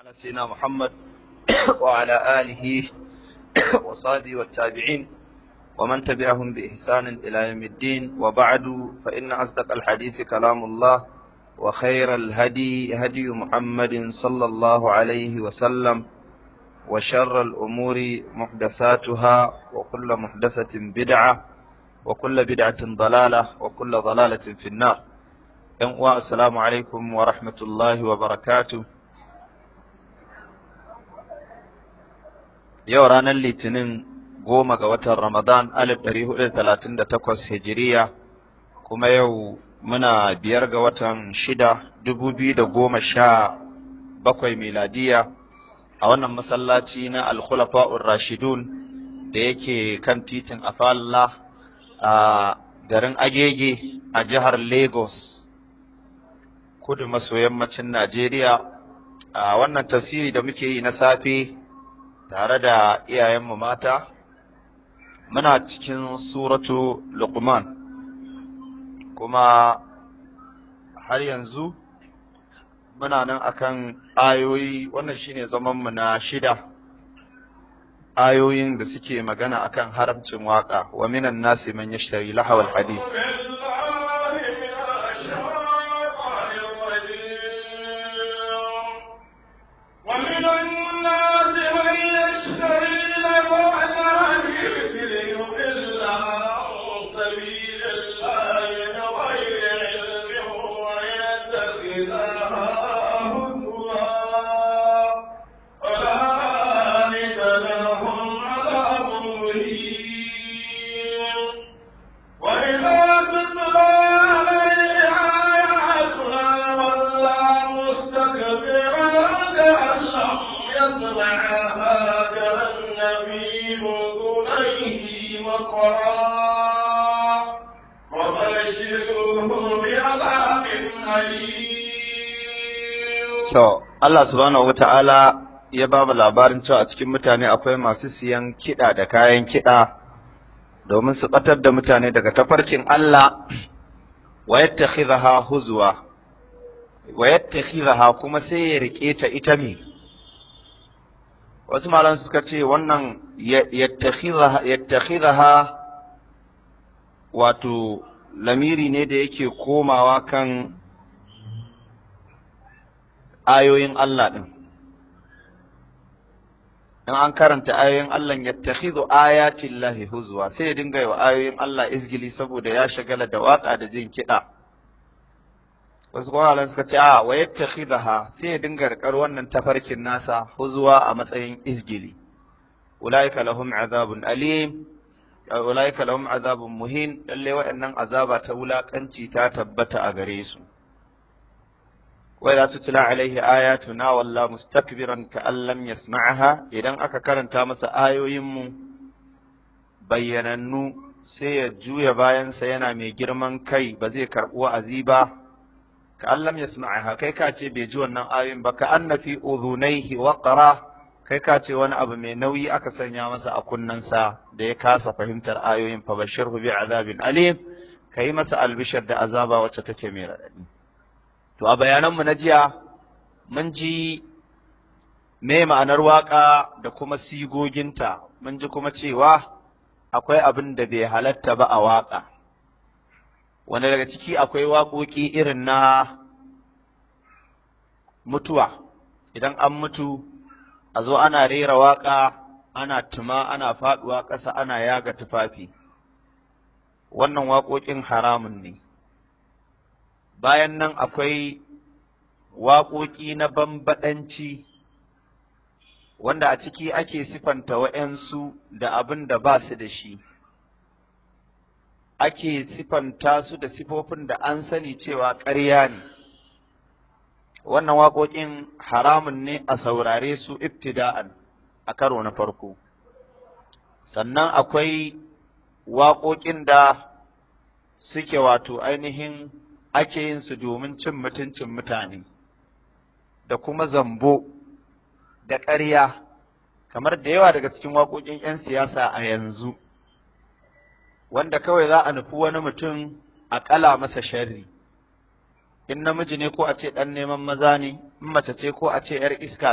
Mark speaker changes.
Speaker 1: على سيدنا محمد وعلى آله وصحبه والتابعين ومن تبعهم بإحسان إلى يوم الدين وبعد فإن أصدق الحديث كلام الله وخير الهدي هدي محمد صلى الله عليه وسلم وشر الأمور محدثاتها وكل محدثة بدعة وكل بدعة ضلالة وكل ضلالة في النار. السلام عليكم ورحمة الله وبركاته. yau ranar litinin goma ga watan ramadan alif ɗari hudu talatin da takwas hijiriya kuma yau muna biyar ga watan shida dubu biyu da goma sha bakwai miladiya a wannan masallaci na alkhulafa'ur rashidun da yake kan titin afalla a garin agege a jihar lagos kudu maso yammacin najeriya a wannan tafsiri da muke yi na safe tare da iyayenmu mata muna cikin suratu luqman kuma har yanzu muna nan akan ayoyi wannan shine zamanmu na shida ayoyin da suke magana akan haramcin waƙa wa minan nasi man yashtari lahawal hadis To, Allah subhanahu wa ta'ala ya ba mu labarin cewa a cikin mutane akwai masu siyan kiɗa da kayan kiɗa domin su ɓatar da mutane daga tafarkin Allah wa yattakhidha huzwa wa yattakhidha kuma sai ya rike ta ita me wasu malan suka ce wannan yattakhidha wato lamiri ne da yake komawa kan ayoyin Allah ɗin. In an karanta ayoyin Allah yattakhidhu ayatin huzwa sai ya dinga wa ayoyin Allah izgili saboda ya shagala da waka da jin kiɗa. wasu kwanan suka ce a wa ha sai ya dinga rikar wannan tafarkin nasa huzuwa a matsayin izgili ulaika lahum azabun alim ulaika lahum azabun muhin lalle waɗannan azaba ta wulakanci ta tabbata a gare su wa idza tutla alaihi ayatuna walla mustakbiran ka allam yasma'aha idan aka karanta masa ayoyin mu bayyanannu sai ya juya bayansa yana mai girman kai ba zai karɓi wa'azi ba ka allam yasma'aha kai ka ce bai ji wannan ayoyin ba ka na fi udhunayhi waqra kai ka ce wani abu mai nauyi aka sanya masa a sa da ya kasa fahimtar ayoyin fa bashirhu bi azabin alim kai masa albishar da azaba wacce take mai radadi to a bayanan mu na jiya mun ji me ma'anar waƙa da kuma sigoginta mun ji kuma cewa akwai abin da bai halatta ba a waƙa. wanda daga ciki akwai waƙoƙi irin na mutuwa idan an mutu a zo ana rera waƙa ana tuma ana faɗuwa ƙasa ana yaga tufafi wannan waƙoƙin haramun ne bayan nan akwai waƙoƙi na bambaɗanci wanda a ciki ake sifanta wa'yansu da abin da ba su da shi ake sifanta su da sifofin da an sani cewa ƙarya ne wannan waƙoƙin haramun ne a saurare su ibtida'an a karo na farko sannan akwai waƙoƙin da suke wato ainihin ake yin su domin cin mutuncin mutane da kuma zambo da ƙarya kamar da yawa daga cikin waƙoƙin 'yan siyasa a yanzu wanda kawai za a nufi wani mutum a kala masa sharri in namiji ne ko a ce ɗan neman maza ne in mace ce ko a ce ‘yar iska